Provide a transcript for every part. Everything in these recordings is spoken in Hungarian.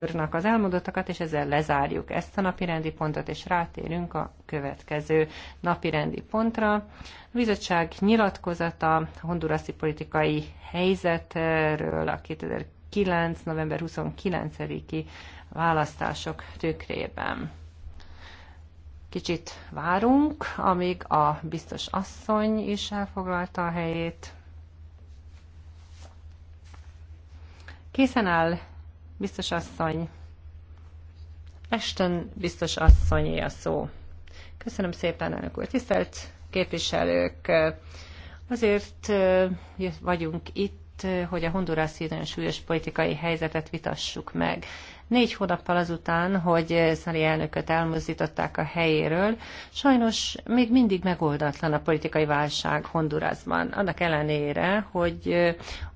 úrnak az elmondottakat, és ezzel lezárjuk ezt a napirendi pontot, és rátérünk a következő napirendi pontra. A bizottság nyilatkozata a honduraszi politikai helyzetről a 2009. november 29-i választások tükrében. Kicsit várunk, amíg a biztos asszony is elfoglalta a helyét. Készen áll Biztos asszony, Esten biztos asszonyé a szó. Köszönöm szépen, elnök úr. Tisztelt képviselők, azért vagyunk itt, hogy a Honduras nagyon súlyos politikai helyzetet vitassuk meg. Négy hónappal azután, hogy Szali elnököt elmozdították a helyéről, sajnos még mindig megoldatlan a politikai válság Hondurasban. Annak ellenére, hogy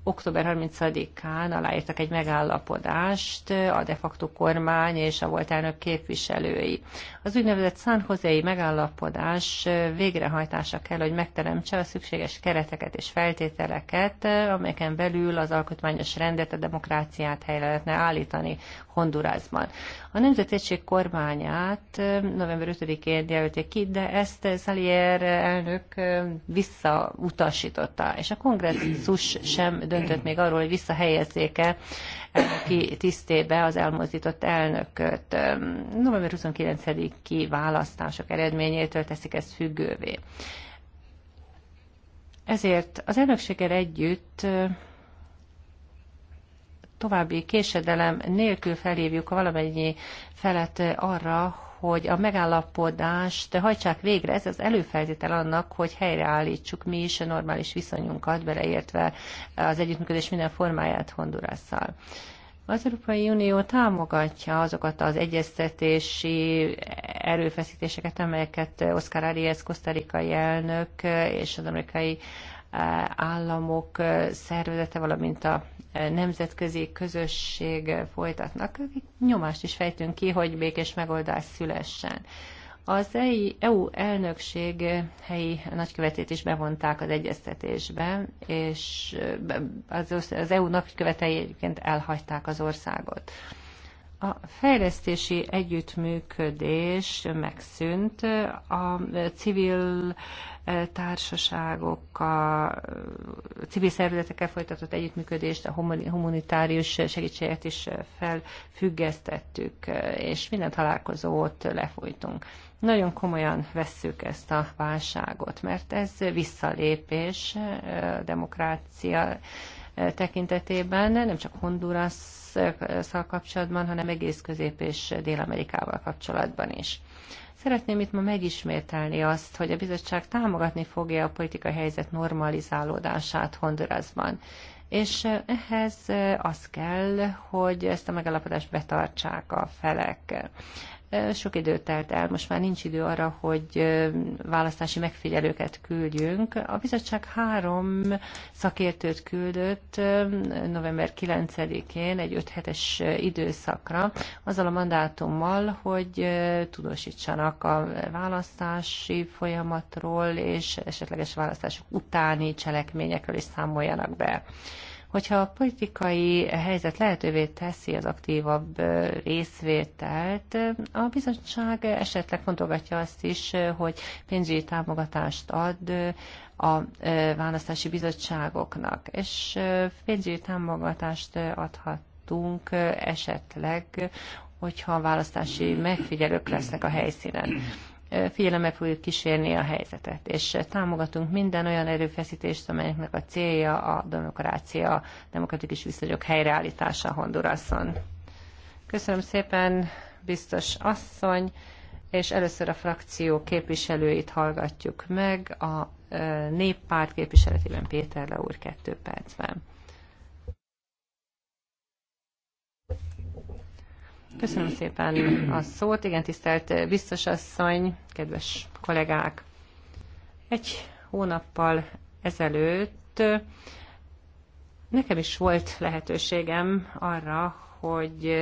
október 30-án aláírtak egy megállapodást a de facto kormány és a volt elnök képviselői. Az úgynevezett San Josei megállapodás végrehajtása kell, hogy megteremtse a szükséges kereteket és feltételeket, amelyeken belül az alkotmányos rendet, a demokráciát helyre lehetne állítani Hondurászban. A nemzetétség kormányát november 5-én jelölték ki, de ezt Szalier elnök visszautasította, és a kongresszus sem döntött még arról, hogy visszahelyezzék-e ki tisztébe az elmozdított elnököt. November 29-i választások eredményétől teszik ezt függővé. Ezért az elnökséggel együtt további késedelem nélkül felhívjuk valamennyi felet arra, hogy a megállapodást hajtsák végre. Ez az előfeltétel annak, hogy helyreállítsuk mi is a normális viszonyunkat, beleértve az együttműködés minden formáját Hondurasszal. Az Európai Unió támogatja azokat az egyeztetési erőfeszítéseket, amelyeket Oscar Arias, kosztarikai elnök és az amerikai államok szervezete, valamint a nemzetközi közösség folytatnak, nyomást is fejtünk ki, hogy békés megoldás szülessen. Az EU e elnökség helyi nagykövetét is bevonták az egyeztetésbe, és az EU nagykövetei egyébként elhagyták az országot. A fejlesztési együttműködés megszűnt, a civil eh, társaságokkal, eh, civil szervezetekkel folytatott együttműködést, a humanitárius segítséget is eh, felfüggesztettük, és minden találkozót lefolytunk. Nagyon komolyan vesszük ezt a válságot, mert ez visszalépés, demokrácia tekintetében, nem csak honduras kapcsolatban, hanem egész Közép- és Dél-Amerikával kapcsolatban is. Szeretném itt ma megismételni azt, hogy a bizottság támogatni fogja a politikai helyzet normalizálódását Hondurasban. És ehhez az kell, hogy ezt a megállapodást betartsák a felek. Sok időt telt el, most már nincs idő arra, hogy választási megfigyelőket küldjünk. A bizottság három szakértőt küldött november 9-én egy 5 hetes időszakra, azzal a mandátummal, hogy tudósítsanak a választási folyamatról és esetleges választások utáni cselekményekről is számoljanak be. Hogyha a politikai helyzet lehetővé teszi az aktívabb részvételt, a bizottság esetleg fontolgatja azt is, hogy pénzügyi támogatást ad a választási bizottságoknak, és pénzügyi támogatást adhatunk esetleg, hogyha választási megfigyelők lesznek a helyszínen figyelembe fogjuk kísérni a helyzetet, és támogatunk minden olyan erőfeszítést, amelynek a célja a demokrácia, a demokratikus viszonyok helyreállítása Honduraszon. Köszönöm szépen, biztos asszony, és először a frakció képviselőit hallgatjuk meg, a e, néppárt képviseletében Péter Leúr úr kettő percben. Köszönöm szépen a szót. Igen, tisztelt biztosasszony, kedves kollégák. Egy hónappal ezelőtt nekem is volt lehetőségem arra, hogy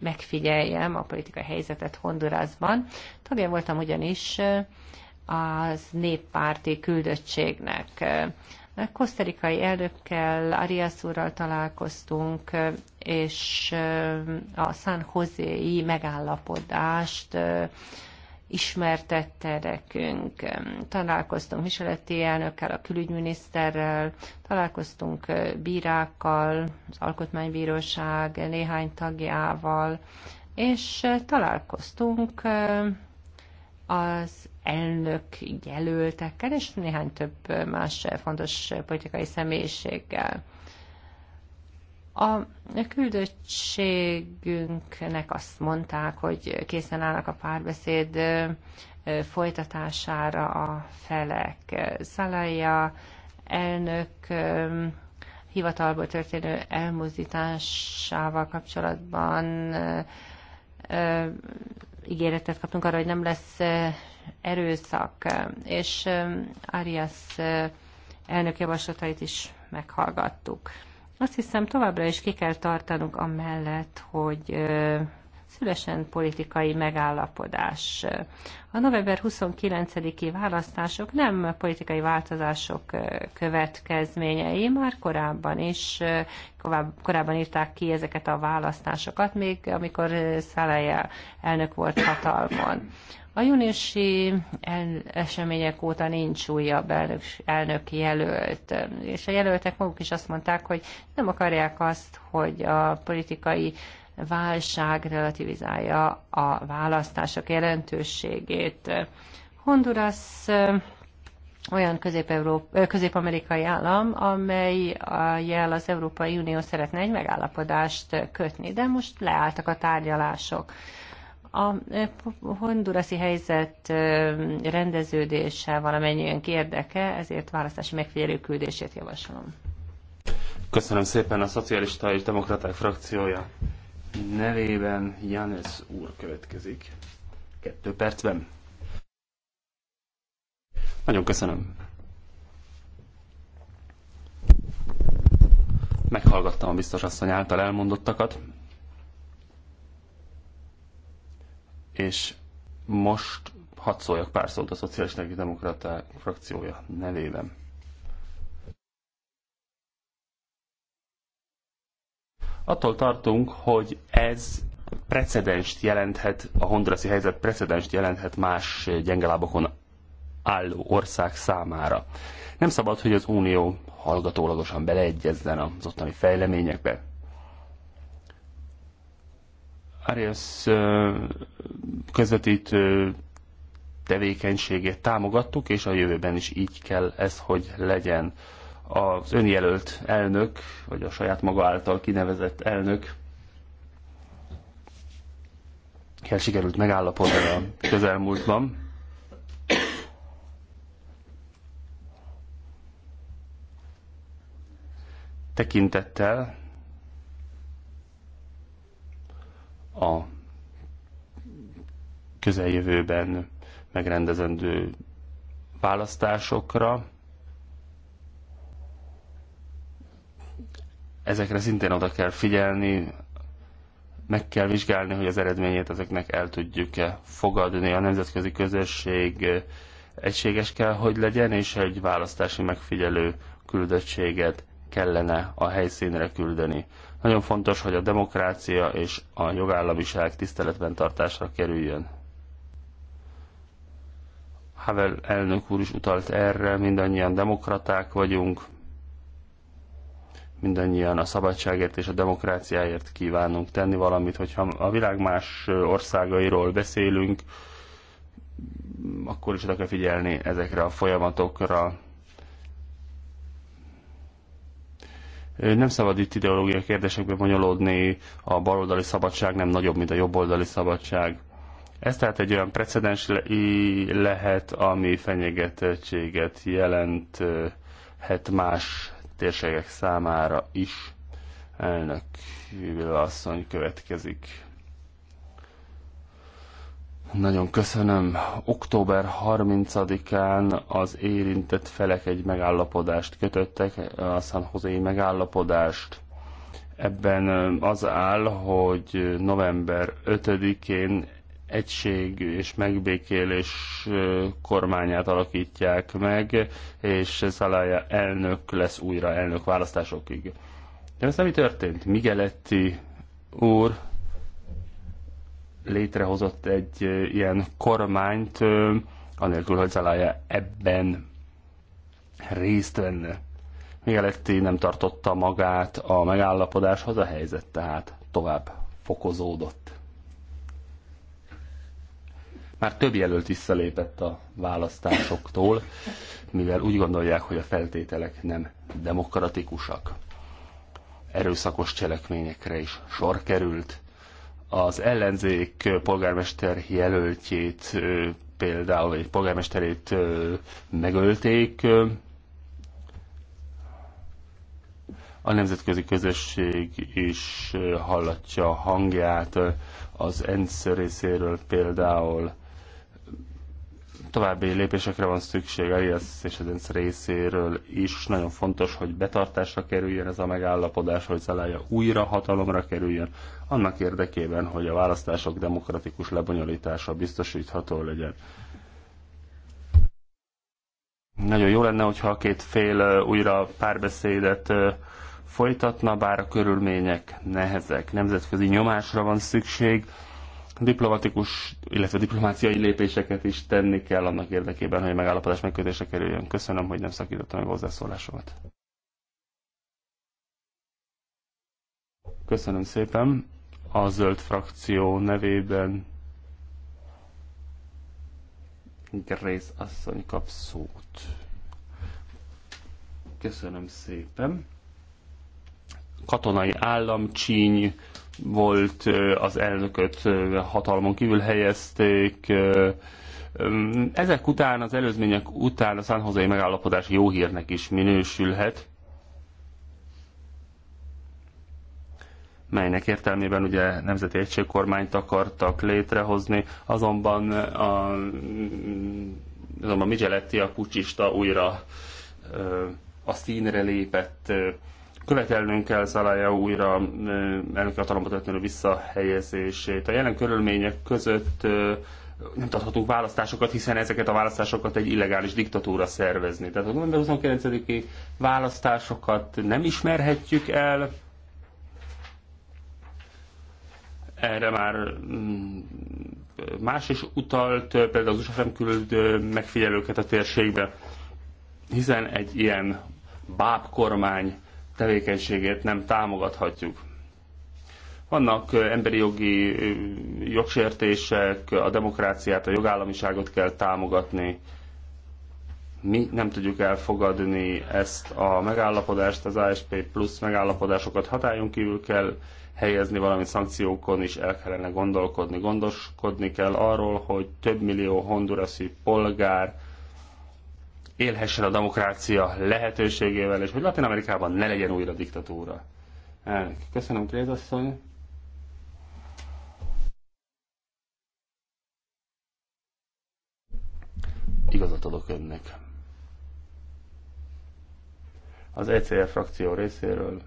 megfigyeljem a politikai helyzetet Hondurasban. Tagja voltam ugyanis az néppárti küldöttségnek koszterikai elnökkel, Arias úrral találkoztunk, és a San José-i megállapodást ismertette nekünk. Találkoztunk Micheletti elnökkel, a külügyminiszterrel, találkoztunk bírákkal, az alkotmánybíróság néhány tagjával, és találkoztunk az elnök jelöltekkel, és néhány több más fontos politikai személyiséggel. A küldöttségünknek azt mondták, hogy készen állnak a párbeszéd folytatására a felek. Szalaja elnök hivatalból történő elmozdításával kapcsolatban ígéretet kaptunk arra, hogy nem lesz erőszak, és um, Arias uh, elnök javaslatait is meghallgattuk. Azt hiszem, továbbra is ki kell tartanunk amellett, hogy uh, szülesen politikai megállapodás. A november 29-i választások nem politikai változások uh, következményei, már korábban is, korábban írták ki ezeket a választásokat, még amikor Szaleje elnök volt hatalmon. A júniusi események óta nincs újabb elnök, elnöki jelölt, és a jelöltek maguk is azt mondták, hogy nem akarják azt, hogy a politikai válság relativizálja a választások jelentőségét. Honduras olyan közép-amerikai állam, amely jel az Európai Unió szeretne egy megállapodást kötni, de most leálltak a tárgyalások. A eh, hondurasi helyzet eh, rendeződése valamennyien kiérdeke, ezért választási megfigyelő küldését javaslom. Köszönöm szépen a Szocialista és Demokraták frakciója nevében Janes úr következik. Kettő percben. Nagyon köszönöm. Meghallgattam a biztos asszony által elmondottakat. és most hadd szóljak pár szót a Szociális Demokraták frakciója nevében. Attól tartunk, hogy ez precedenst jelenthet, a hondraszi helyzet precedenst jelenthet más gyengelábokon álló ország számára. Nem szabad, hogy az Unió hallgatólagosan beleegyezzen az ottani fejleményekbe. Arias közvetítő tevékenységét támogattuk, és a jövőben is így kell ez, hogy legyen. Az önjelölt elnök, vagy a saját maga által kinevezett elnök kell sikerült megállapodni a közelmúltban. Tekintettel a közeljövőben megrendezendő választásokra. Ezekre szintén oda kell figyelni, meg kell vizsgálni, hogy az eredményét ezeknek el tudjuk-e fogadni. A nemzetközi közösség egységes kell, hogy legyen, és egy választási megfigyelő küldöttséget kellene a helyszínre küldeni. Nagyon fontos, hogy a demokrácia és a jogállamiság tiszteletben tartásra kerüljön. Havel elnök úr is utalt erre, mindannyian demokraták vagyunk, mindannyian a szabadságért és a demokráciáért kívánunk tenni valamit. Hogyha a világ más országairól beszélünk, akkor is oda kell figyelni ezekre a folyamatokra, Nem szabad itt ideológiai kérdésekbe bonyolódni, a baloldali szabadság nem nagyobb, mint a jobboldali szabadság. Ez tehát egy olyan precedens le lehet, ami fenyegetettséget jelenthet más térségek számára is. Elnök asszony következik. Nagyon köszönöm. Október 30-án az érintett felek egy megállapodást kötöttek, a San Jose megállapodást. Ebben az áll, hogy november 5-én egység és megbékélés kormányát alakítják meg, és Szalája elnök lesz újra elnök választásokig. De ez nem történt. Migeletti úr létrehozott egy ilyen kormányt, anélkül, hogy Zelaya ebben részt venne. Mieletti nem tartotta magát a megállapodáshoz, a helyzet tehát tovább fokozódott. Már több jelölt visszalépett a választásoktól, mivel úgy gondolják, hogy a feltételek nem demokratikusak. Erőszakos cselekményekre is sor került az ellenzék polgármester jelöltjét például, vagy polgármesterét megölték, a nemzetközi közösség is hallatja hangját az ENSZ részéről például további lépésekre van szükség a és az részéről is. Nagyon fontos, hogy betartásra kerüljön ez a megállapodás, hogy Zelája újra hatalomra kerüljön, annak érdekében, hogy a választások demokratikus lebonyolítása biztosítható legyen. Nagyon jó lenne, hogyha a két fél újra párbeszédet folytatna, bár a körülmények nehezek. Nemzetközi nyomásra van szükség, diplomatikus, illetve diplomáciai lépéseket is tenni kell annak érdekében, hogy megállapodás megkötése kerüljön. Köszönöm, hogy nem szakította meg hozzászólásomat. Köszönöm szépen. A zöld frakció nevében Grace asszony kap szót. Köszönöm szépen. Katonai államcsíny volt, az elnököt hatalmon kívül helyezték. Ezek után, az előzmények után a San Jose megállapodás jó hírnek is minősülhet, melynek értelmében ugye nemzeti egységkormányt akartak létrehozni, azonban a, azonban Micheletti a pucsista újra ö, a színre lépett, követelnünk kell Szalája újra elnök hatalomba történő visszahelyezését. A jelen körülmények között nem tarthatunk választásokat, hiszen ezeket a választásokat egy illegális diktatúra szervezni. Tehát a november 29-i választásokat nem ismerhetjük el, erre már mm, más is utalt, például az USA sem küld megfigyelőket a térségbe, hiszen egy ilyen bábkormány tevékenységét nem támogathatjuk. Vannak emberi jogi jogsértések, a demokráciát, a jogállamiságot kell támogatni. Mi nem tudjuk elfogadni ezt a megállapodást, az ASP plusz megállapodásokat hatályon kívül kell helyezni, valamint szankciókon is el kellene gondolkodni. Gondoskodni kell arról, hogy több millió hondurasi polgár élhessen a demokrácia lehetőségével, és hogy Latin Amerikában ne legyen újra diktatúra. Elnök. Köszönöm, Krézasszony. Igazat adok önnek. Az ECR frakció részéről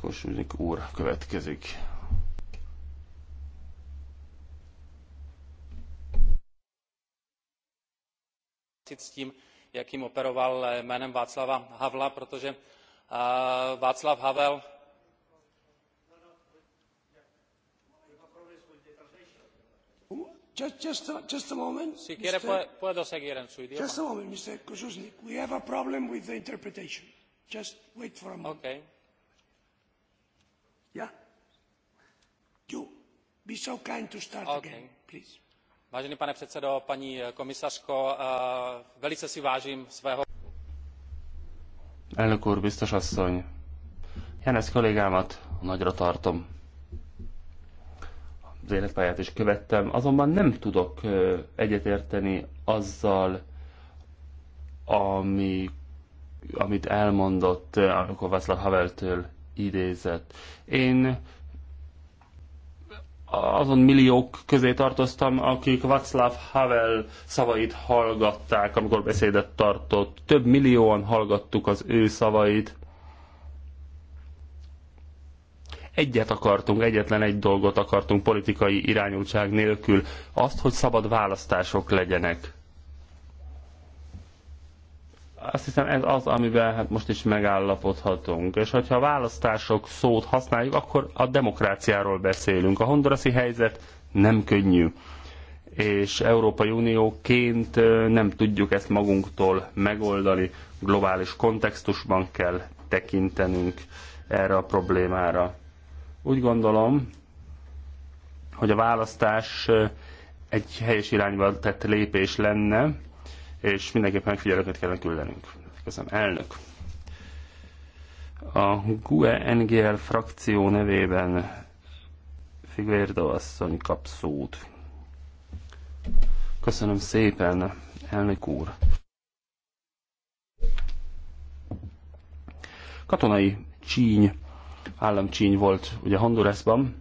Kosúznik úr következik. souhlasit s tím jakým operoval jménem václava havla protože eh, václav havel Just, just, just a moment. Si quiere, Mr. puedo seguir en su idioma. Just a moment, Mr. Kosusnik. We have a problem with the interpretation. Just wait for a moment. Okay. Yeah? You, be so kind to start okay. again, please pane předsedo paní komisařko eh, velice si vážím svého. elnök úr biztos asszony janez kollégámat nagyra tartom. az életpályát is követtem azonban nem tudok eh, egyetérteni azzal ami, amit elmondott eh, amikor václav haveltől idézett. én azon milliók közé tartoztam, akik Václav Havel szavait hallgatták, amikor beszédet tartott. Több millióan hallgattuk az ő szavait. Egyet akartunk, egyetlen egy dolgot akartunk politikai irányultság nélkül, azt, hogy szabad választások legyenek azt hiszem ez az, amivel hát most is megállapodhatunk. És hogyha a választások szót használjuk, akkor a demokráciáról beszélünk. A hondurasi helyzet nem könnyű. És Európai Unióként nem tudjuk ezt magunktól megoldani. Globális kontextusban kell tekintenünk erre a problémára. Úgy gondolom, hogy a választás egy helyes irányba tett lépés lenne, és mindenképpen megfigyelőket kellene küldenünk. Köszönöm. Elnök. A GUE NGL frakció nevében Figueiredo asszony kap szót. Köszönöm szépen, elnök úr. Katonai csíny, államcsíny volt ugye Hondurasban,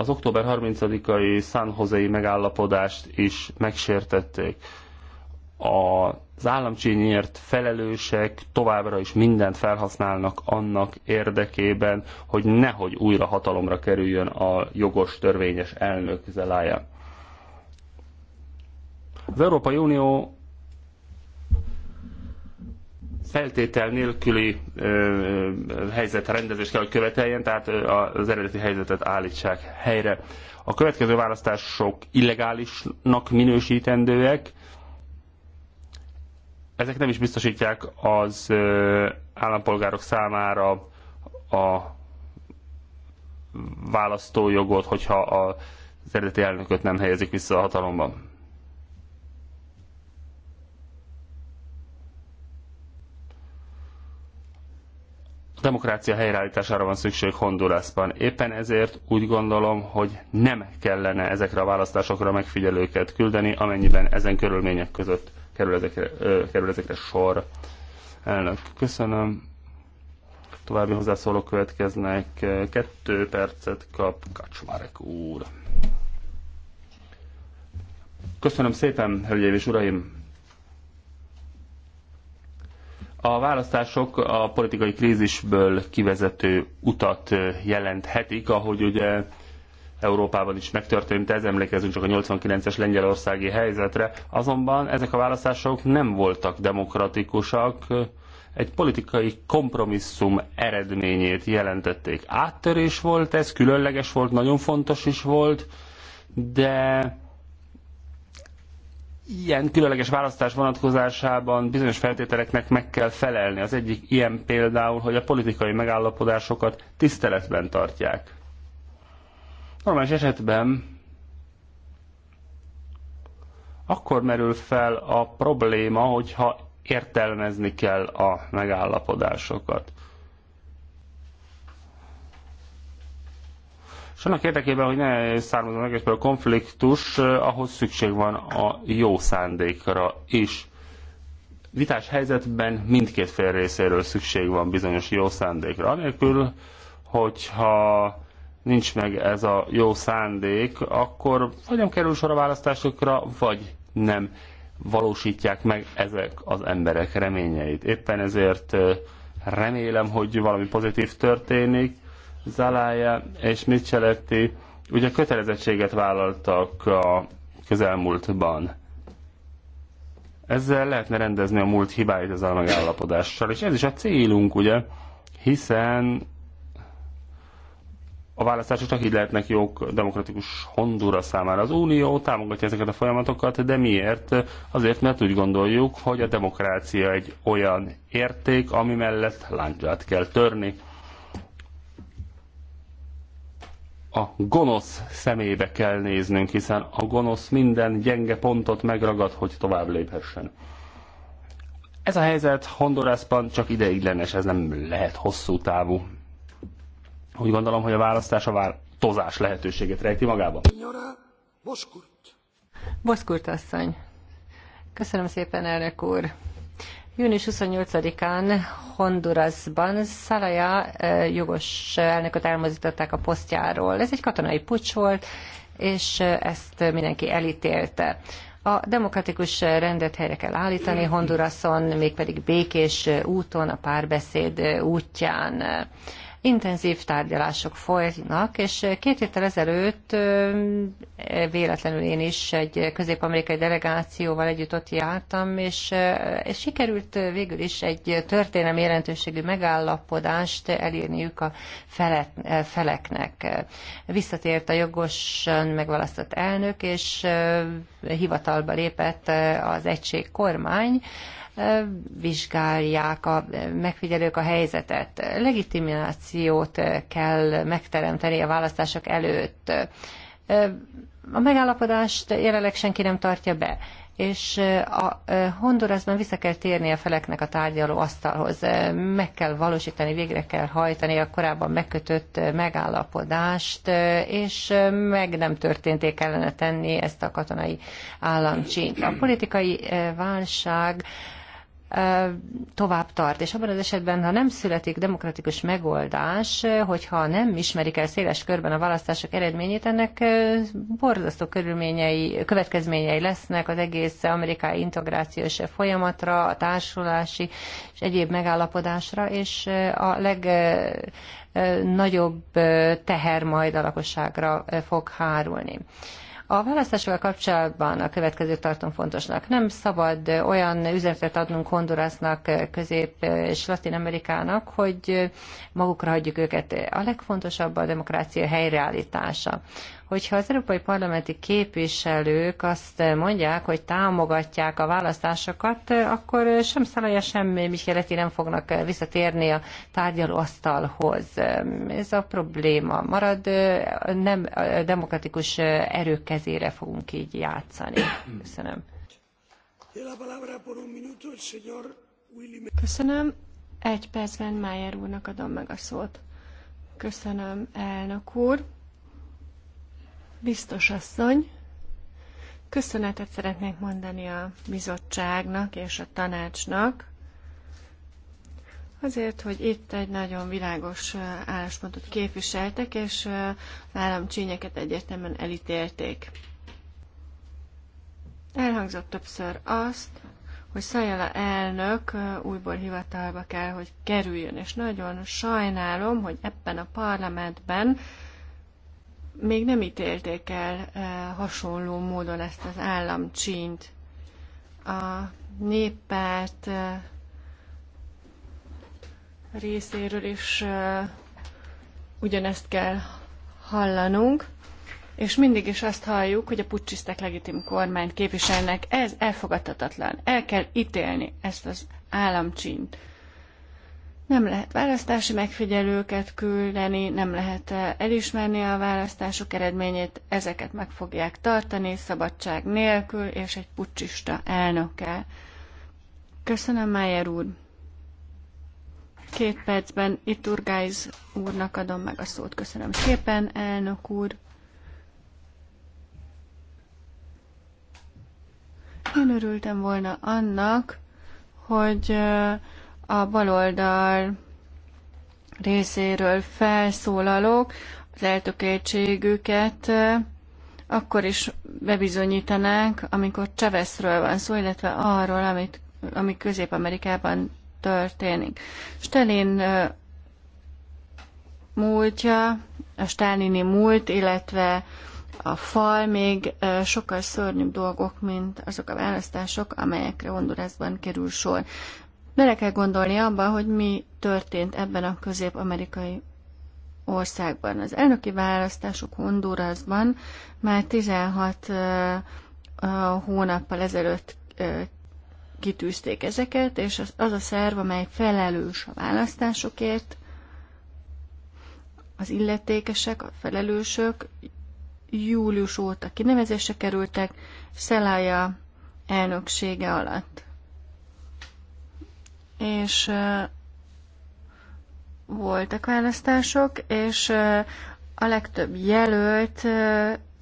az október 30-ai San Jose megállapodást is megsértették. Az államcsényért felelősek továbbra is mindent felhasználnak annak érdekében, hogy nehogy újra hatalomra kerüljön a jogos törvényes elnök zelája. Az Európai Unió feltétel nélküli helyzetrendezést kell, hogy követeljen, tehát az eredeti helyzetet állítsák helyre. A következő választások illegálisnak minősítendőek, ezek nem is biztosítják az állampolgárok számára a választójogot, hogyha az eredeti elnököt nem helyezik vissza a hatalomban. demokrácia helyreállítására van szükség Hondurasban. Éppen ezért úgy gondolom, hogy nem kellene ezekre a választásokra megfigyelőket küldeni, amennyiben ezen körülmények között kerül ezekre, ö, kerül ezekre sor. Elnök, köszönöm. További hozzászólók következnek. Kettő percet kap Kacsmarek úr. Köszönöm szépen, hölgyeim és uraim! A választások a politikai krízisből kivezető utat jelenthetik, ahogy ugye Európában is megtörtént, ez emlékezünk csak a 89-es lengyelországi helyzetre, azonban ezek a választások nem voltak demokratikusak, egy politikai kompromisszum eredményét jelentették. Áttörés volt ez, különleges volt, nagyon fontos is volt, de ilyen különleges választás vonatkozásában bizonyos feltételeknek meg kell felelni. Az egyik ilyen például, hogy a politikai megállapodásokat tiszteletben tartják. Normális esetben akkor merül fel a probléma, hogyha értelmezni kell a megállapodásokat. És annak érdekében, hogy ne származon egészből a konfliktus, eh, ahhoz szükség van a jó szándékra is. Vitás helyzetben mindkét fél részéről szükség van bizonyos jó szándékra. Anélkül, hogyha nincs meg ez a jó szándék, akkor vagy nem kerül sor a választásokra, vagy nem valósítják meg ezek az emberek reményeit. Éppen ezért eh, remélem, hogy valami pozitív történik, Zalája és Micheletti ugye kötelezettséget vállaltak a közelmúltban. Ezzel lehetne rendezni a múlt hibáit ezzel megállapodással, és ez is a célunk, ugye, hiszen a választások csak így lehetnek jók demokratikus Honduras számára. Az Unió támogatja ezeket a folyamatokat, de miért? Azért, mert úgy gondoljuk, hogy a demokrácia egy olyan érték, ami mellett láncsát kell törni. a gonosz szemébe kell néznünk, hiszen a gonosz minden gyenge pontot megragad, hogy tovább léphessen. Ez a helyzet Hondurasban csak ideiglenes, ez nem lehet hosszú távú. Úgy gondolom, hogy a választás a változás lehetőséget rejti magában. Boszkurt asszony. Köszönöm szépen, elnök úr. Június 28-án Hondurasban Szalaja eh, jogos elnököt elmozították a posztjáról. Ez egy katonai pucs volt, és eh, ezt mindenki elítélte. A demokratikus rendet helyre kell állítani Honduraszon, mégpedig békés úton, a párbeszéd útján. Intenzív tárgyalások folynak, és két héttel ezelőtt véletlenül én is egy közép-amerikai delegációval együtt ott jártam, és, és sikerült végül is egy történelmi jelentőségű megállapodást elírniük a felet, feleknek. Visszatért a jogosan megválasztott elnök, és hivatalba lépett az egység kormány, vizsgálják a megfigyelők a helyzetet. Legitimációt kell megteremteni a választások előtt. A megállapodást jelenleg senki nem tartja be és a Hondurasban vissza kell térni a feleknek a tárgyaló asztalhoz. Meg kell valósítani, végre kell hajtani a korábban megkötött megállapodást, és meg nem történté kellene tenni ezt a katonai államcsint. A politikai válság tovább tart. És abban az esetben, ha nem születik demokratikus megoldás, hogyha nem ismerik el széles körben a választások eredményét, ennek borzasztó körülményei, következményei lesznek az egész amerikai integrációs folyamatra, a társulási és egyéb megállapodásra, és a legnagyobb teher majd a lakosságra fog hárulni. A választásokkal kapcsolatban a következő tartom fontosnak. Nem szabad olyan üzenetet adnunk Hondurasnak, Közép- és Latin Amerikának, hogy magukra hagyjuk őket. A legfontosabb a demokrácia helyreállítása hogyha az európai parlamenti képviselők azt mondják, hogy támogatják a választásokat, akkor sem Szalaja, sem Micheleti nem fognak visszatérni a tárgyalóasztalhoz. Ez a probléma marad, nem a demokratikus erők kezére fogunk így játszani. Köszönöm. Köszönöm. Egy percben Májer úrnak adom meg a szót. Köszönöm, elnök úr. Biztos asszony, köszönetet szeretnék mondani a bizottságnak és a tanácsnak, Azért, hogy itt egy nagyon világos álláspontot képviseltek, és államcsínyeket egyértelműen elítélték. Elhangzott többször azt, hogy Szajala elnök újból hivatalba kell, hogy kerüljön, és nagyon sajnálom, hogy ebben a parlamentben még nem ítélték el eh, hasonló módon ezt az államcsínt. A néppárt eh, részéről is eh, ugyanezt kell hallanunk, és mindig is azt halljuk, hogy a putcsisztek legitim kormányt képviselnek. Ez elfogadhatatlan. El kell ítélni ezt az államcsínt. Nem lehet választási megfigyelőket küldeni, nem lehet eh, elismerni a választások eredményét, ezeket meg fogják tartani szabadság nélkül és egy pucsista elnökkel. Köszönöm, Májer úr! Két percben iturgáiz úrnak adom meg a szót. Köszönöm szépen, elnök úr! Én örültem volna annak, hogy uh, a baloldal részéről felszólalók az eltökéltségüket akkor is bebizonyítanánk, amikor Cseveszről van szó, illetve arról, amit, ami Közép-Amerikában történik. Stalin múltja, a stálini múlt, illetve a fal még sokkal szörnyűbb dolgok, mint azok a választások, amelyekre Hondurasban kerül sor. Bele kell gondolni abba, hogy mi történt ebben a közép-amerikai országban. Az elnöki választások Hondurasban már 16 hónappal ezelőtt kitűzték ezeket, és az a szerv, amely felelős a választásokért, az illetékesek, a felelősök július óta kinevezésre kerültek, Szelája elnöksége alatt és voltak választások, és a legtöbb jelölt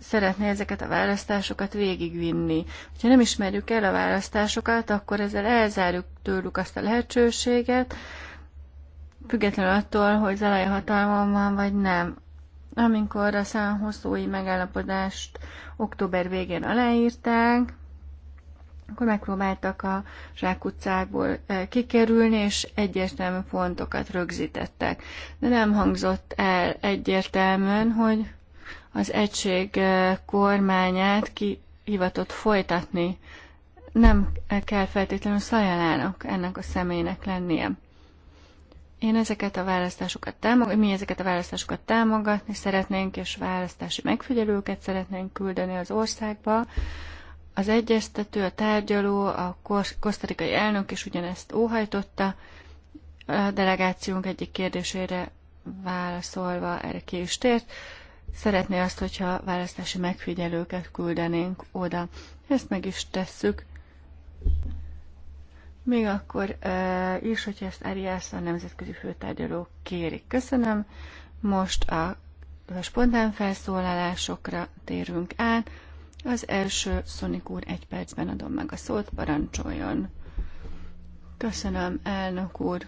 szeretné ezeket a választásokat végigvinni. Ha nem ismerjük el a választásokat, akkor ezzel elzárjuk tőlük azt a lehetőséget, függetlenül attól, hogy zalai hatalmon van, vagy nem. Amikor a szánhosszói megállapodást október végén aláírták, akkor megpróbáltak a zsákutcákból kikerülni, és egyértelmű pontokat rögzítettek. De nem hangzott el egyértelműen, hogy az egység kormányát ki hivatott folytatni. Nem kell feltétlenül szajalának ennek a személynek lennie. Én ezeket a választásokat támogatni, mi ezeket a választásokat támogatni szeretnénk, és választási megfigyelőket szeretnénk küldeni az országba, az egyeztető, a tárgyaló, a kosztarikai elnök is ugyanezt óhajtotta. A delegációnk egyik kérdésére válaszolva erre ki is tért. Szeretné azt, hogyha választási megfigyelőket küldenénk oda. Ezt meg is tesszük. Még akkor uh, is, hogyha ezt Ariász a nemzetközi főtárgyaló kérik. Köszönöm. Most a, a spontán felszólalásokra térünk át. Az első Szonik úr egy percben adom meg a szót, parancsoljon. Köszönöm, elnök úr.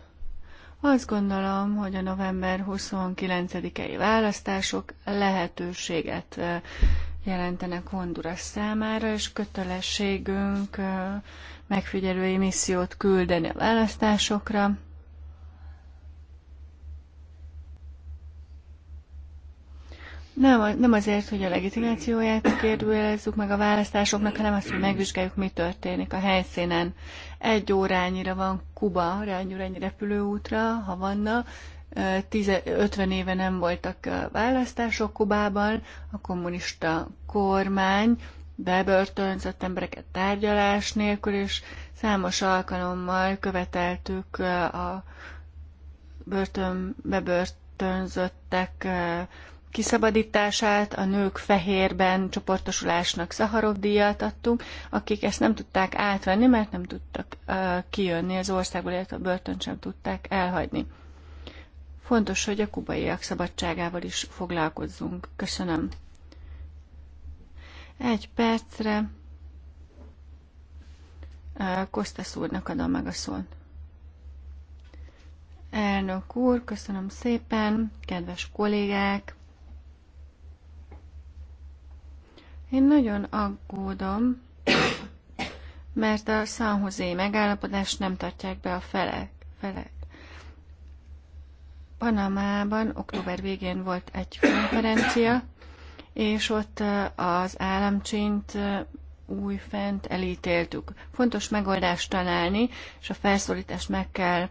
Azt gondolom, hogy a november 29-i választások lehetőséget jelentenek Honduras számára, és kötelességünk megfigyelői missziót küldeni a választásokra. Nem, nem azért, hogy a legitimációját kérdőjelezzük meg a választásoknak, hanem azt, hogy megvizsgáljuk, mi történik a helyszínen. Egy órányira van Kuba, rányúrányi repülőútra, vanna. 50 éve nem voltak választások Kubában, a kommunista kormány bebörtönzött embereket tárgyalás nélkül, és számos alkalommal követeltük a börtön, bebörtönzöttek kiszabadítását, a nők fehérben csoportosulásnak Szaharov díjat adtunk, akik ezt nem tudták átvenni, mert nem tudtak kijönni az országból, illetve a börtön sem tudták elhagyni. Fontos, hogy a kubaiak szabadságával is foglalkozzunk. Köszönöm. Egy percre Kosztasz úrnak adom meg a szót. Elnök úr, köszönöm szépen, kedves kollégák! Én nagyon aggódom, mert a San Jose megállapodást nem tartják be a felek. felek. Panamában október végén volt egy konferencia, és ott az államcsint újfent elítéltük. Fontos megoldást találni, és a felszólítást meg kell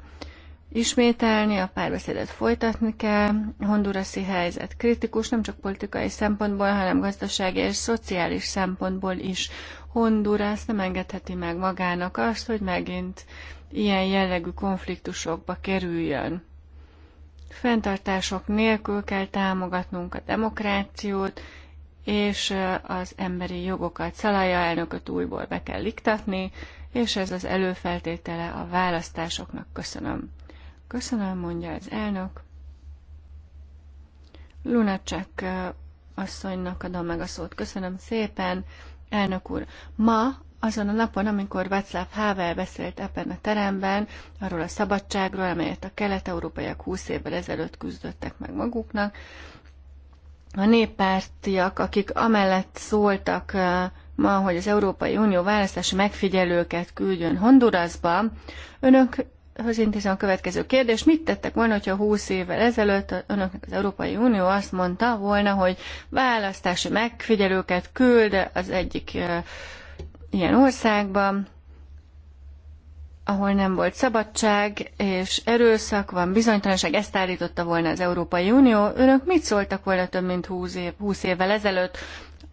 ismételni, a párbeszédet folytatni kell. A honduraszi helyzet kritikus, nem csak politikai szempontból, hanem gazdasági és szociális szempontból is. Honduras nem engedheti meg magának azt, hogy megint ilyen jellegű konfliktusokba kerüljön. Fentartások nélkül kell támogatnunk a demokrációt, és az emberi jogokat Szalaja elnököt újból be kell liktatni, és ez az előfeltétele a választásoknak. Köszönöm. Köszönöm, mondja az elnök. Lunacek asszonynak adom meg a szót. Köszönöm szépen, elnök úr. Ma azon a napon, amikor Václav Havel beszélt ebben a teremben, arról a szabadságról, amelyet a kelet-európaiak 20 évvel ezelőtt küzdöttek meg maguknak, a néppártiak, akik amellett szóltak ma, hogy az Európai Unió választási megfigyelőket küldjön Hondurasba, önök Önhöz intézem a következő kérdést. Mit tettek volna, hogyha 20 évvel ezelőtt önöknek az Európai Unió azt mondta volna, hogy választási megfigyelőket küld az egyik ilyen országba, ahol nem volt szabadság és erőszak van, bizonytalanság, ezt állította volna az Európai Unió. Önök mit szóltak volna több mint 20, év, 20 évvel ezelőtt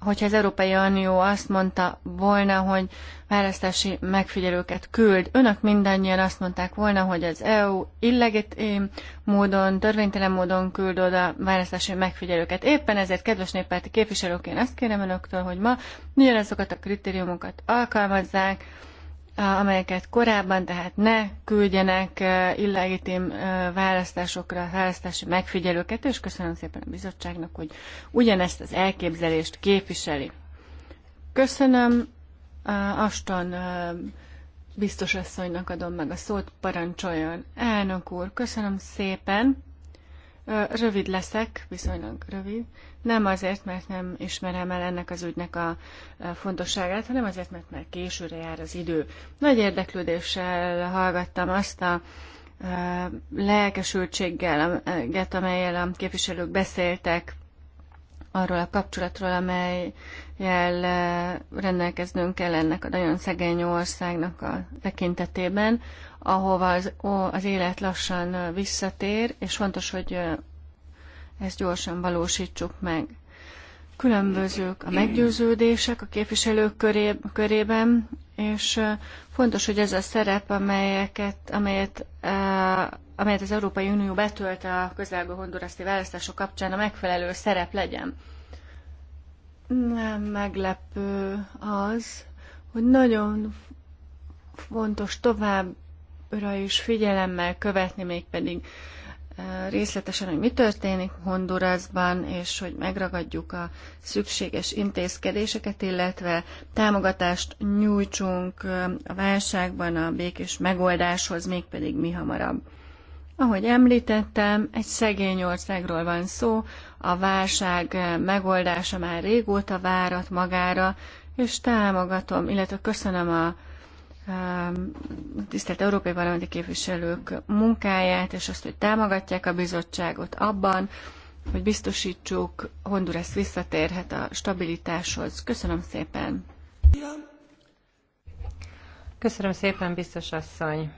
hogyha az Európai Unió azt mondta volna, hogy választási megfigyelőket küld, önök mindannyian azt mondták volna, hogy az EU illegitim módon, törvénytelen módon küld oda választási megfigyelőket. Éppen ezért, kedves néppárti képviselők, én azt kérem önöktől, hogy ma azokat a kritériumokat alkalmazzák, amelyeket korábban, tehát ne küldjenek illegitim választásokra választási megfigyelőket, és köszönöm szépen a bizottságnak, hogy ugyanezt az elképzelést képviseli. Köszönöm, Aston biztos asszonynak adom meg a szót, parancsoljon. Elnök úr, köszönöm szépen. Rövid leszek, viszonylag rövid. Nem azért, mert nem ismerem el ennek az ügynek a fontosságát, hanem azért, mert már későre jár az idő. Nagy érdeklődéssel hallgattam azt a lelkesültséggel, amelyel a képviselők beszéltek arról a kapcsolatról, jel eh, rendelkeznünk kell ennek a nagyon szegény országnak a tekintetében, ahova az, ó, az élet lassan eh, visszatér, és fontos, hogy eh, ezt gyorsan valósítsuk meg. Különbözők a meggyőződések a képviselők köré, körében, és fontos, hogy ez a szerep, amelyeket, amelyet amelyet az Európai Unió betölt a közelgő Hondurasi választások kapcsán a megfelelő szerep legyen. Nem meglepő az, hogy nagyon fontos továbbra is figyelemmel követni, mégpedig eh, részletesen, hogy mi történik Hondurasban, és hogy megragadjuk a szükséges intézkedéseket, illetve támogatást nyújtsunk eh, a válságban a békés megoldáshoz, mégpedig mi hamarabb. Ahogy említettem, egy szegény országról van szó, a válság megoldása már régóta várat magára, és támogatom, illetve köszönöm a, a um, tisztelt Európai Parlamenti képviselők munkáját, és azt, hogy támogatják a bizottságot abban, hogy biztosítsuk, Honduras visszatérhet a stabilitáshoz. Köszönöm szépen! Köszönöm szépen, biztos asszony!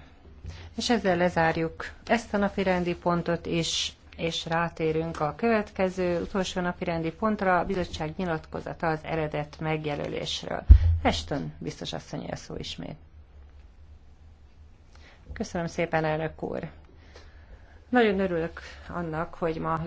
És ezzel lezárjuk ezt a napi rendi pontot is, és rátérünk a következő utolsó napi rendi pontra, a bizottság nyilatkozata az eredet megjelölésről. Eston biztos asszony a szó ismét. Köszönöm szépen, elnök úr! Nagyon örülök annak, hogy ma